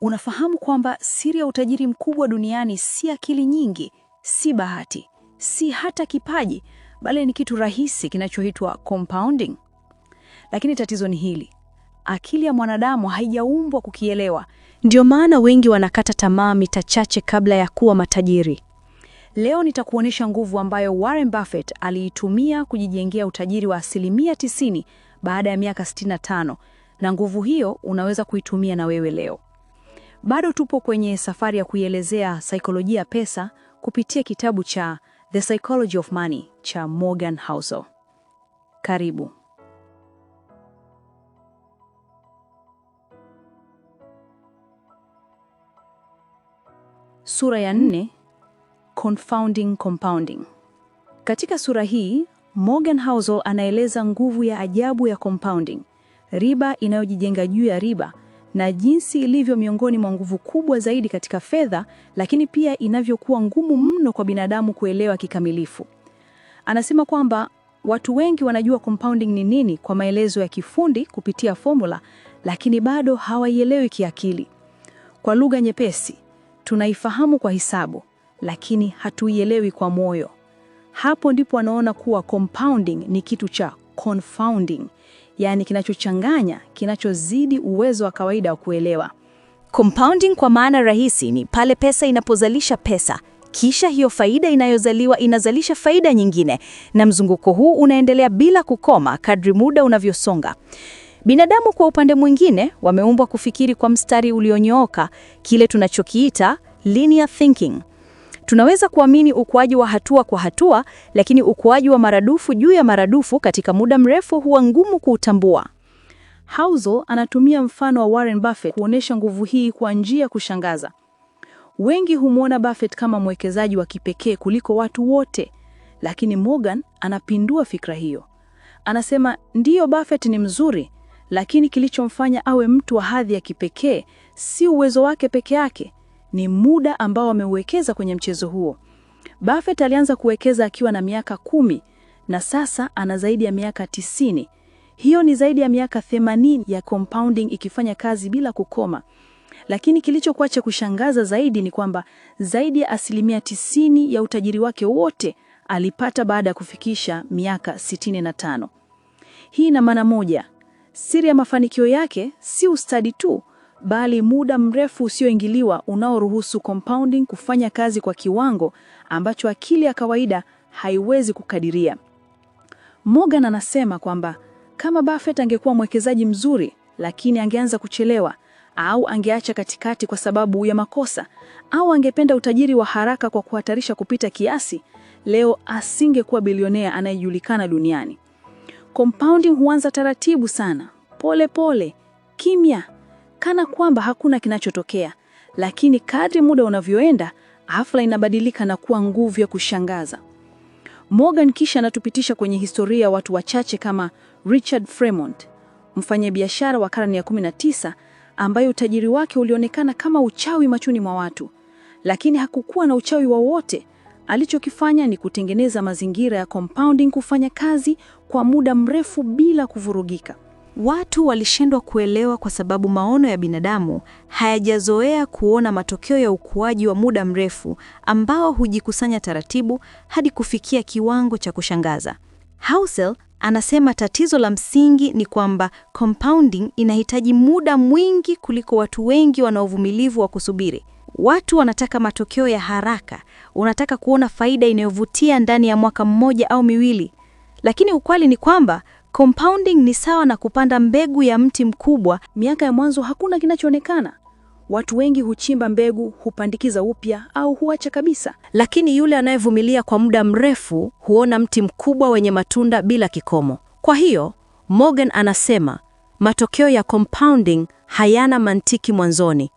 Unafahamu kwamba siri ya utajiri mkubwa duniani si akili nyingi, si bahati, si hata kipaji, bali ni kitu rahisi kinachoitwa compounding. Lakini tatizo ni hili: akili ya mwanadamu haijaumbwa kukielewa. Ndio maana wengi wanakata tamaa mita chache kabla ya kuwa matajiri. Leo nitakuonyesha nguvu ambayo Warren Buffett aliitumia kujijengea utajiri wa asilimia 90 baada ya miaka 65, na nguvu hiyo unaweza kuitumia na wewe leo. Bado tupo kwenye safari ya kuielezea saikolojia pesa kupitia kitabu cha The Psychology of Money cha Morgan Housel. Karibu. Sura ya nne, Confounding Compounding. Katika sura hii, Morgan Housel anaeleza nguvu ya ajabu ya compounding, riba inayojijenga juu ya riba na jinsi ilivyo miongoni mwa nguvu kubwa zaidi katika fedha, lakini pia inavyokuwa ngumu mno kwa binadamu kuelewa kikamilifu. Anasema kwamba watu wengi wanajua compounding ni nini kwa maelezo ya kifundi kupitia formula, lakini bado hawaielewi kiakili. Kwa lugha nyepesi, tunaifahamu kwa hisabu, lakini hatuielewi kwa moyo. Hapo ndipo anaona kuwa compounding ni kitu cha confounding, yaani kinachochanganya, kinachozidi uwezo wa kawaida wa kuelewa. Compounding kwa maana rahisi ni pale pesa inapozalisha pesa, kisha hiyo faida inayozaliwa inazalisha faida nyingine, na mzunguko huu unaendelea bila kukoma kadri muda unavyosonga. Binadamu kwa upande mwingine, wameumbwa kufikiri kwa mstari ulionyooka, kile tunachokiita linear thinking. Tunaweza kuamini ukuaji wa hatua kwa hatua, lakini ukuaji wa maradufu juu ya maradufu katika muda mrefu huwa ngumu kuutambua. Housel anatumia mfano wa Warren Buffett kuonesha nguvu hii kwa njia ya kushangaza. Wengi humwona Buffett kama mwekezaji wa kipekee kuliko watu wote, lakini Morgan anapindua fikra hiyo. Anasema ndiyo, Buffett ni mzuri, lakini kilichomfanya awe mtu wa hadhi ya kipekee si uwezo wake peke yake, ni muda ambao ameuwekeza kwenye mchezo huo. Buffett alianza kuwekeza akiwa na miaka kumi na sasa ana zaidi ya miaka tisini. Hiyo ni zaidi ya miaka themanini ya compounding ikifanya kazi bila kukoma. Lakini kilichokuwa cha kushangaza zaidi ni kwamba zaidi ya asilimia tisini ya utajiri wake wote alipata baada ya kufikisha miaka sitini na tano. Hii ina maana moja, siri ya mafanikio yake si ustadi tu, bali muda mrefu usioingiliwa unaoruhusu compounding kufanya kazi kwa kiwango ambacho akili ya kawaida haiwezi kukadiria. Morgan anasema kwamba kama Buffett angekuwa mwekezaji mzuri, lakini angeanza kuchelewa au angeacha katikati kwa sababu ya makosa au angependa utajiri wa haraka kwa kuhatarisha kupita kiasi, leo asingekuwa bilionea anayejulikana duniani. Compounding huanza taratibu sana, pole pole, kimya kana kwamba hakuna kinachotokea, lakini kadri muda unavyoenda, hafla inabadilika na kuwa nguvu ya kushangaza. Morgan kisha anatupitisha kwenye historia ya watu wachache kama Richard Fremont, mfanyabiashara wa karne ya 19 ambaye utajiri wake ulionekana kama uchawi machoni mwa watu, lakini hakukuwa na uchawi wowote. Alichokifanya ni kutengeneza mazingira ya compounding kufanya kazi kwa muda mrefu bila kuvurugika. Watu walishindwa kuelewa kwa sababu maono ya binadamu hayajazoea kuona matokeo ya ukuaji wa muda mrefu ambao hujikusanya taratibu hadi kufikia kiwango cha kushangaza. Housel anasema tatizo la msingi ni kwamba compounding inahitaji muda mwingi kuliko watu wengi wana uvumilivu wa kusubiri. Watu wanataka matokeo ya haraka, wanataka kuona faida inayovutia ndani ya mwaka mmoja au miwili. Lakini ukweli ni kwamba Compounding ni sawa na kupanda mbegu ya mti mkubwa. Miaka ya mwanzo hakuna kinachoonekana. Watu wengi huchimba mbegu, hupandikiza upya au huacha kabisa. Lakini yule anayevumilia kwa muda mrefu huona mti mkubwa wenye matunda bila kikomo. Kwa hiyo, Morgan anasema matokeo ya compounding hayana mantiki mwanzoni,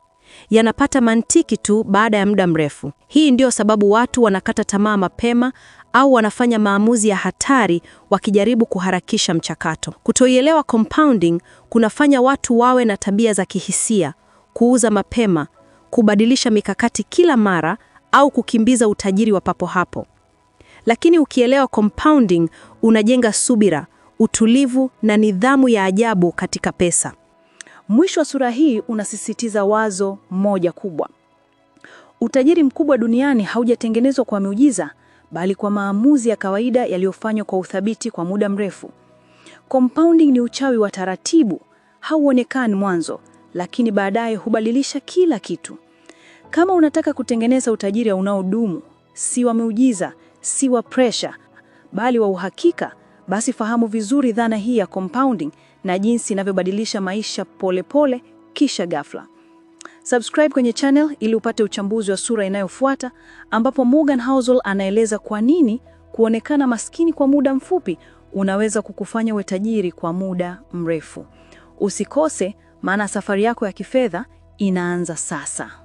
yanapata mantiki tu baada ya muda mrefu. Hii ndio sababu watu wanakata tamaa mapema au wanafanya maamuzi ya hatari wakijaribu kuharakisha mchakato. Kutoielewa compounding kunafanya watu wawe na tabia za kihisia, kuuza mapema, kubadilisha mikakati kila mara au kukimbiza utajiri wa papo hapo. Lakini ukielewa compounding, unajenga subira, utulivu na nidhamu ya ajabu katika pesa. Mwisho wa sura hii unasisitiza wazo moja kubwa: utajiri mkubwa duniani haujatengenezwa kwa miujiza, bali kwa maamuzi ya kawaida yaliyofanywa kwa uthabiti kwa muda mrefu. Compounding ni uchawi wa taratibu, hauonekani mwanzo, lakini baadaye hubadilisha kila kitu. Kama unataka kutengeneza utajiri unaodumu, si wa miujiza, si wa presha, bali wa uhakika, basi fahamu vizuri dhana hii ya compounding na jinsi inavyobadilisha maisha polepole pole, kisha ghafla. Subscribe kwenye channel ili upate uchambuzi wa sura inayofuata ambapo Morgan Housel anaeleza kwa nini kuonekana maskini kwa muda mfupi unaweza kukufanya uwe tajiri kwa muda mrefu. Usikose, maana safari yako ya kifedha inaanza sasa.